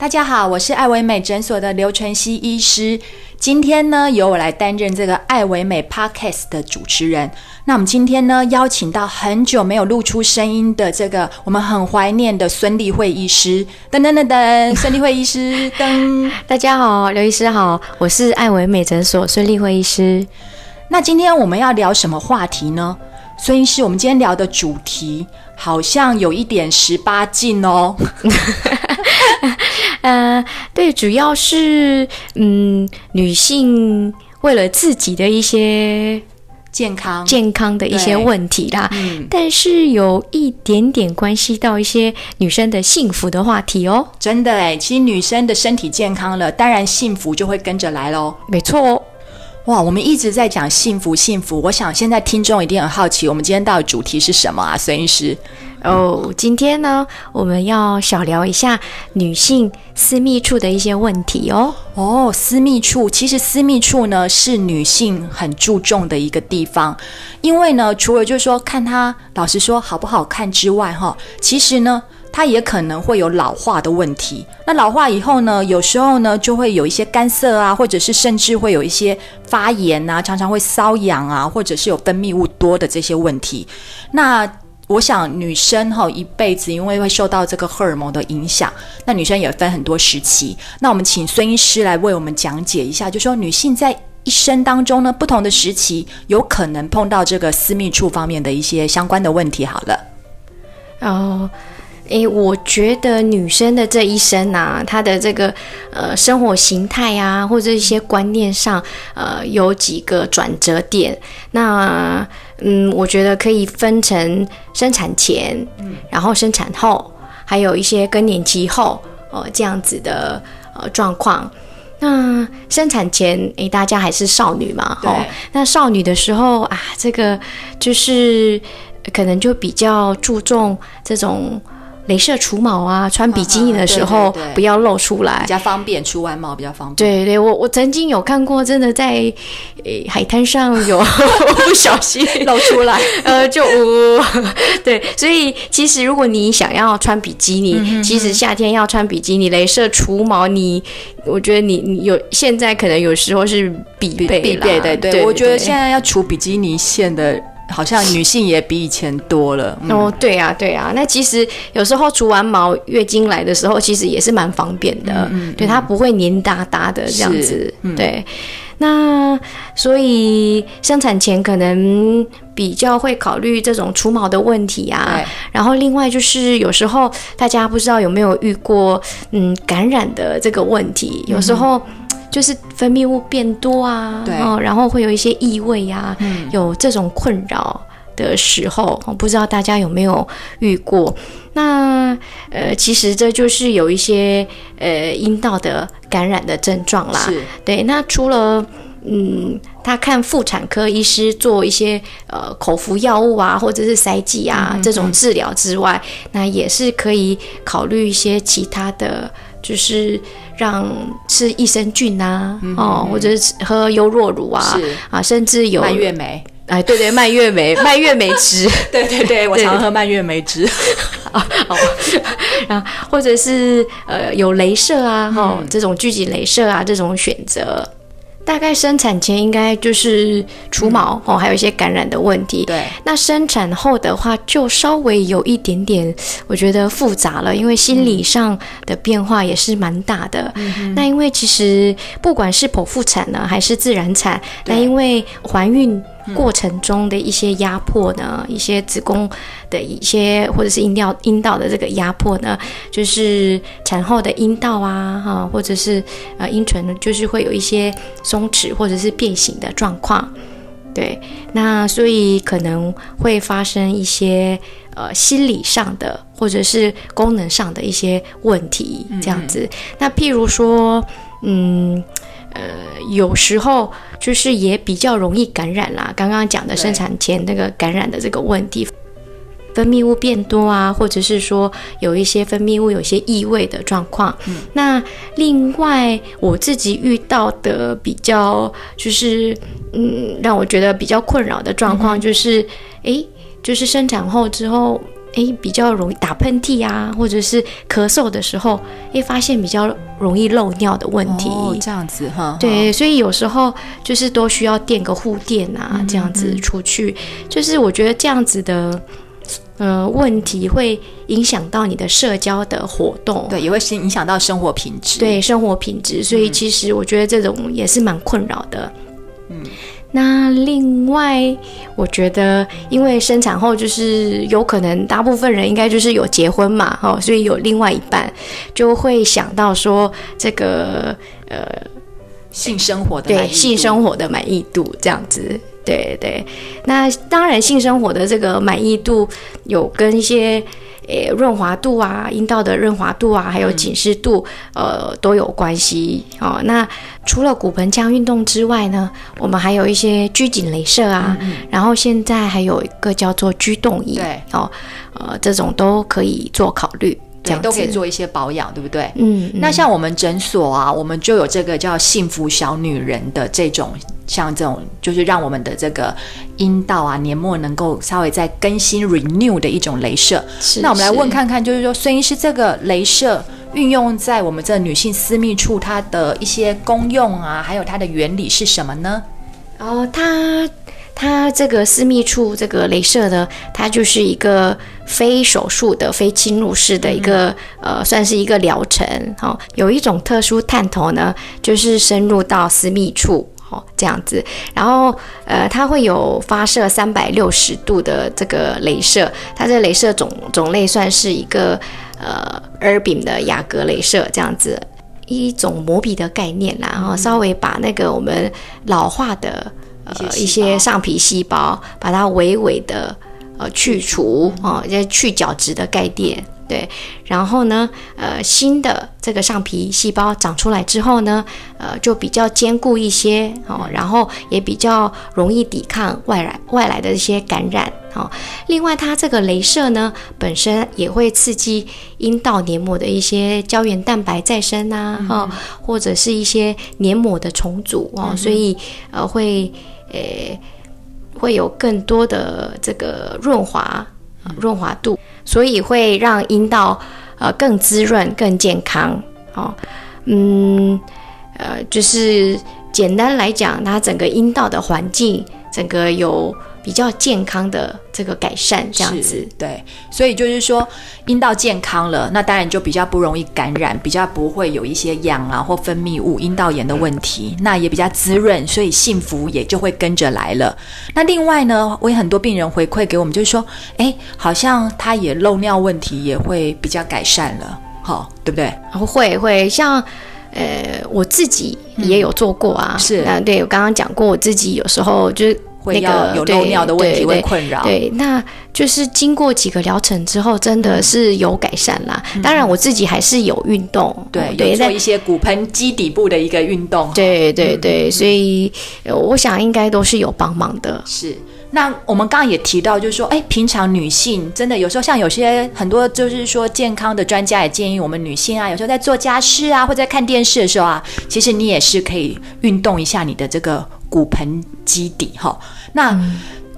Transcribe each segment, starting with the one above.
大家好，我是愛惟美診所的劉淳熙醫師。今天呢，由我來擔任這個愛惟美 Podcast 的主持人。那我們今天呢，邀請到很久沒有露出聲音的這個我們很懷念的孫立惠醫師。噔噔噔噔，孫立惠醫師，噔 大家好，劉醫師好，我是愛惟美診所孫立惠醫師。那今天我們要聊什麼話題呢？孫醫師，我們今天聊的主題好像有一點十八禁哦。 呃，uh，對，主要是嗯，女性為了自己的一些健康健康的一些問題啦，嗯，但是有一點點關係到一些女生的幸福的話題哦。真的哎，其實女生的身體健康了，當然幸福就會跟着來嘍。沒錯哦，哇，我們一直在講幸福，幸福。我想現在聽眾一定很好奇，我們今天到底主題是什麼啊，孫醫師？哦，今天呢，我們要小聊一下女性私密處的一些問題哦。哦，私密處其實私密處呢是女性很注重的一個地方，因為呢，除了就是說看她老實說好不好看之外，哈，其實呢，它也可能會有老化的問題。那老化以後呢，有時候呢，就會有一些乾澀啊，或者是甚至會有一些發炎啊，常常會瘙癢啊，或者是有分泌物多的這些問題。那我想女生哈一輩子，因為會受到這個荷爾蒙的影響，那女生也分很多時期。那我們請孫醫師來為我們講解一下，就是、說女性在一生當中呢，不同的時期有可能碰到這個私密處方面的一些相關的問題。好了，哦、呃、誒，我覺得女生的這一生啊，她的這個呃生活形態啊，或者一些觀念上，呃，有幾個轉折點。那嗯，我覺得可以分成生產前，嗯，然後生產後，還有一些更年期後，哦，這樣子的呃狀況。那生產前誒，大家還是少女嘛，哦，那少女的時候啊，這個就是可能就比較注重這種。雷射除毛啊，穿比基尼的時候啊。啊，對對對，不要露出來，比較方便，除完毛比較方便。對對，我我曾經有看過，真的在、呃、海灘上有不小心露出來，呃，就嗚、呃。對，所以其實如果你想要穿比基尼，嗯、其實夏天要穿比基尼，雷射除毛，你我覺得你你有現在可能有時候是必必備的。對，我覺得現在要除比基尼線的。好像女性也比以前多了，嗯、哦，對啊，對啊。那其實有時候除完毛，月經來的時候，其實也是蠻方便的，嗯嗯、對，它不會黏噠噠的這樣子，嗯、對。那所以生產前可能比較會考慮這種除毛的問題啊。然後另外就是有時候大家不知道有沒有遇過，嗯，感染的這個問題，有時候。嗯就是分泌物變多啊，然後會有一些異味呀、啊嗯，有這種困擾的時候，不知道大家有沒有遇過？那呃，其實這就是有一些呃陰道的感染的症狀啦。對。那除了嗯，他看婦產科醫師做一些呃口服藥物啊，或者是塞劑啊嗯嗯嗯這種治療之外，那也是可以考慮一些其他的。就是讓吃益生菌啊，哦、嗯，或者是喝優酪乳啊，啊，甚至有蔓越莓，哎，對對，蔓越莓， 蔓越莓汁， 對對對，我常喝蔓越莓汁啊，哦， 啊，或者是呃，有雷射啊，哦，嗯、這種聚集雷射啊，這種選擇。大概生產前應該就是除毛、嗯、哦，還有一些感染的問題。對，那生產後的話就稍微有一點點，我覺得複雜了，因為心理上的變化也是蠻大的、嗯。那因為其實不管是剖腹產呢，還是自然產，那因為懷孕。過程中的一些壓迫呢、嗯，一些子宮的一些，或者是陰道陰道的這個壓迫呢，就是產後的陰道啊，哈，或者是呃陰唇，就是會有一些鬆弛或者是變形的狀況，對，那所以可能會發生一些呃心理上的或者是功能上的一些問題，嗯嗯這樣子，那譬如說，嗯。呃，有時候就是也比較容易感染啦。剛剛講的生產前那個感染的這個問題，分泌物變多啊，或者是說有一些分泌物有些異味的狀況，嗯。那另外我自己遇到的比較就是，嗯，讓我覺得比較困擾的狀況就是，嗯、誒，就是生產後之後。哎，比較容易打噴嚏啊，或者是咳嗽的時候，會發現比較容易漏尿的問題。哦，這樣子哈。對，所以有時候就是都需要墊個護墊啊，嗯嗯，這樣子出去。就是我覺得這樣子的，呃，問題會影響到你的社交的活動。對，也會影響到生活品質。對，生活品質。所以其實我覺得這種也是蠻困擾的。嗯、那另外，我覺得，因為生產後就是有可能，大部分人應該就是有結婚嘛，哈，所以有另外一半，就會想到說這個呃，性生活的滿意度，對，性生活的滿意度這樣子。對對，那當然，性生活的這個滿意度有跟一些，呃，潤滑度啊，陰道的潤滑度啊，還有緊實度，嗯，呃，都有關係哦。那除了骨盆腔運動之外呢，我們還有一些 G 緊雷射啊，嗯嗯，然後現在還有一個叫做 G 動椅，對哦，呃，這種都可以做考慮，這樣都可以做一些保養，對不對？嗯，嗯，那像我們診所啊，我們就有這個叫幸福小女人的這種。像這種就是讓我們的這個陰道啊、黏膜能夠稍微再更新、renew 的一種鐳射。那我們來問看看，就是說，孫醫師這個鐳射運用在我們這女性私密處，它的一些功用啊，還有它的原理是什麼呢？哦、呃，它它這個私密處這個鐳射呢，它就是一個非手術的、非侵入式的一個、嗯、呃，算是一個療程。好、哦，有一種特殊探頭呢，就是深入到私密處。哦，這樣子，然後呃，它會有發射三百六十度的這個鐳射，它這鐳射種種類算是一個呃 Erbium 的雅鉻鐳射這樣子一種磨皮的概念啦、嗯，然後稍微把那個我們老化的呃一些，一些上皮細胞把它微微的呃去除哦，一些去角質的概念。對，然後呢，呃，新的這個上皮細胞長出來之後呢，呃，就比較堅固一些哦，然後也比較容易抵抗外來外來的一些感染哦。另外，它這個雷射呢，本身也會刺激陰道黏膜的一些膠原蛋白再生啊，哈、嗯，或者是一些黏膜的重組哦、嗯，所以呃，會呃會有更多的這個潤滑。潤滑度，所以會讓陰道，呃，更滋潤、更健康。哦，嗯，呃，就是簡單來講，它整個陰道的環境，整個有比較健康的這個改善，這樣子對，所以就是說陰道健康了，那當然就比較不容易感染，比較不會有一些癢啊或分泌物、陰道炎的問題，嗯、那也比較滋潤，所以幸福也就會跟着來了。那另外呢，我有很多病人回饋給我們，就是說，哎、欸，好像他也漏尿問題也會比較改善了，好、哦，對不對？會會，像呃，我自己也有做過啊，是、嗯、啊，對，我剛剛講過，我自己有時候就是。會要有漏尿的問題會困擾，對，那就是經過幾個療程之後，真的是有改善啦。嗯、當然，我自己還是有運動，對，嗯、對有做一些骨盆基底部的一個運動，對對對、嗯，所以我想應該都是有幫忙的。是，那我們剛剛也提到，就是說，哎，平常女性真的有時候像有些很多，就是說，健康的專家也建議我們女性啊，有時候在做家事啊，或者在看電視的時候啊，其實你也是可以運動一下你的這個。骨盆基底，哈，那。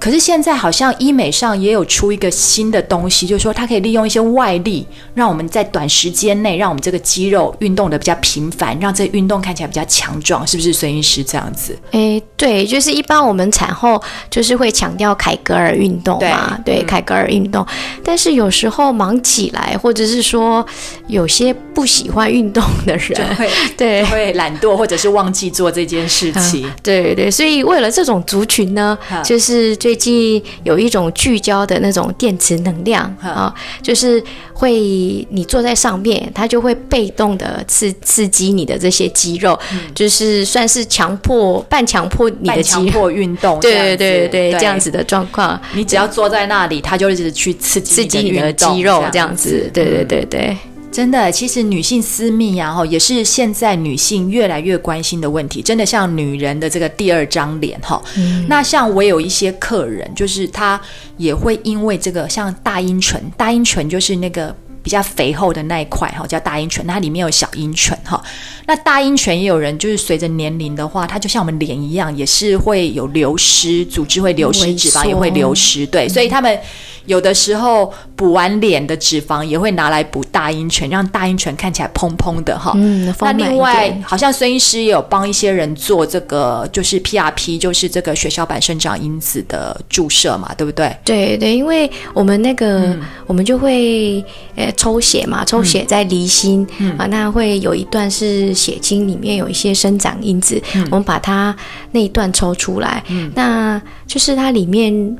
可是現在好像醫美上也有出一個新的東西，就是說它可以利用一些外力，讓我們在短時間內讓我們這個肌肉運動的比較頻繁，讓這個運動看起來比較強壯，是不是孫醫師這樣子？哎，對，就是一般我們產後就是會強調凱格爾運動嘛，對，對、嗯，凱格爾運動。但是有時候忙起來，或者是說有些不喜歡運動的人，會對會懶惰，或者是忘記做這件事情。嗯、對對，所以為了這種族群呢，嗯、就是這最近有一種聚焦的那種電磁能量、嗯、啊，就是會你坐在上面，它就會被動的刺刺激你的這些肌肉，嗯、就是算是強迫、半強迫你的肌肉運動，對對對對，對這樣子的狀況，你只要坐在那裡，它就一直去刺激你的，你的刺激你的肌肉這樣子，嗯、對對對對。真的，其實女性私密啊，哈，也是現在女性越來越關心的問題。真的，像女人的這個第二張臉，哈、嗯。那像我有一些客人，就是她也會因為這個，像大陰唇，大陰唇就是那個。比較肥厚的那一塊哈，叫大陰唇，那它裡面有小陰唇。哈。那大陰唇也有人就是隨着年齡的話，它就像我們臉一樣，也是會有流失，組織會流失，脂肪也會流失。對，嗯、所以他們有的時候補完臉的脂肪，也會拿來補大陰唇，讓大陰唇看起來蓬蓬的哈。嗯，那另外好像孫醫師也有幫一些人做這個，就是 PRP，就是這個血小板生長因子的注射嘛，對不對？對對，因為我們那個、嗯、我們就會呃。欸抽血嘛，抽血再離心、嗯嗯、啊，那會有一段是血清裡面有一些生長因子，嗯、我們把它那一段抽出來，嗯、那就是它裡面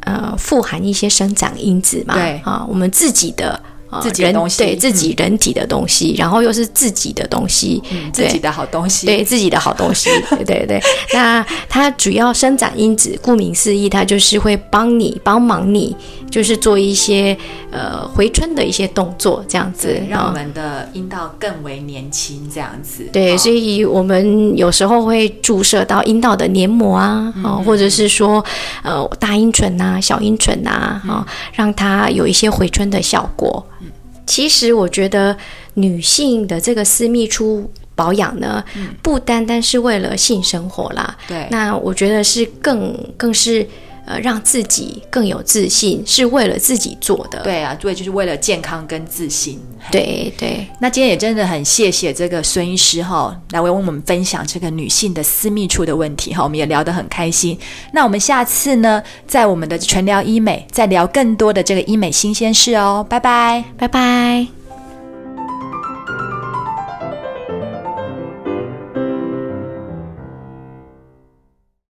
呃富含一些生長因子嘛，對啊，我們自己的、呃、自己的東西，對、嗯、自己人體的東西，然後又是自己的東西，嗯、自己的好東西，對，對 自己的好東西，對對對，那它主要生長因子，顧名思義，它就是會幫你幫忙你。就是做一些呃回春的一些動作，這樣子讓我們的陰道更為年輕，這樣子、哦。對，所以我們有時候會注射到陰道的黏膜啊，嗯、或者是說呃大陰唇啊、小陰唇啊，啊、嗯哦、讓它有一些回春的效果、嗯。其實我覺得女性的這個私密處保養呢、嗯，不單單是為了性生活啦，對，那我覺得是更更是。呃，讓自己更有自信，是為了自己做的。對啊，對，就是為了健康跟自信。對對，那今天也真的很謝謝這個孫醫師哈、哦，來為我們分享這個女性的私密處的問題哈、哦，我們也聊得很開心。那我們下次呢，在我們的淳聊醫美再聊更多的這個醫美新鮮事哦，拜拜，拜拜。